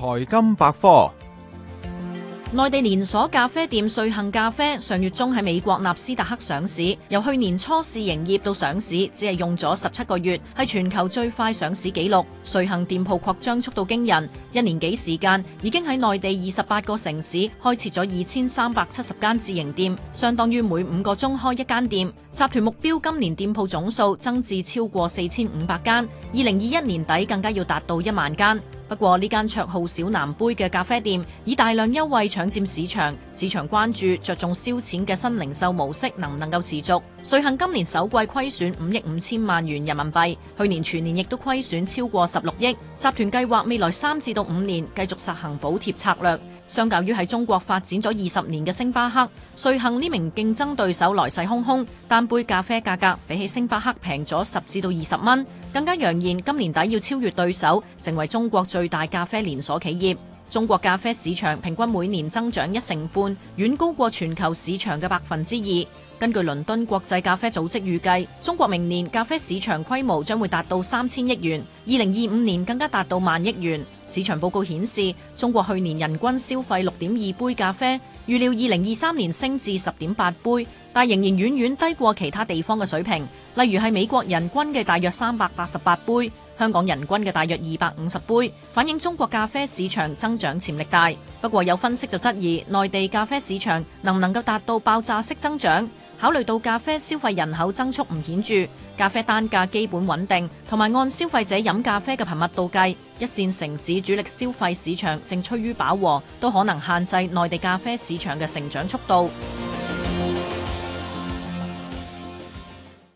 財金百科，內地連鎖咖啡店瑞幸咖啡上月中喺美國納斯達克上市，由去年初試營業到上市，只係用咗十七個月，係全球最快上市紀錄。瑞幸店鋪擴張速度驚人，一年幾時間已經喺內地二十八個城市開設咗二千三百七十間自營店，相當於每五個鐘開一間店。集團目標今年店鋪總數增至超過四千五百間，二零二一年底更加要達到一萬間。不過呢間綽號小藍杯嘅咖啡店以大量優惠搶佔市場，市場關注着重燒錢嘅新零售模式能唔能夠持續。瑞幸今年首季虧損五億五千萬元人民幣，去年全年亦都虧損超過十六億。集團計劃未來三至到五年繼續實行補貼策略。相較於喺中國發展咗二十年嘅星巴克，瑞幸呢名競爭對手來勢洶洶，單杯咖啡價格比起星巴克平咗十至到二十蚊，更加揚言今年底要超越對手，成為中國最。最大咖啡連鎖企業，中國咖啡市場平均每年增長一成半，遠高過全球市場嘅百分之二。根據倫敦國際咖啡組織預計，中國明年咖啡市場規模將會達到三千億元，二零二五年更加達到萬億元。市場報告顯示，中國去年人均消費六點二杯咖啡，預料二零二三年升至十點八杯，但仍然遠遠低過其他地方嘅水平，例如係美國人均嘅大約三百八十八杯，香港人均嘅大約二百五十杯，反映中國咖啡市場增長潛力大。不過有分析就質疑，內地咖啡市場能唔能夠達到爆炸式增長。考慮到咖啡消費人口增速唔顯著，咖啡單價基本穩定，同埋按消費者飲咖啡嘅頻密度計，一線城市主力消費市場正趨於飽和，都可能限制內地咖啡市場嘅成長速度。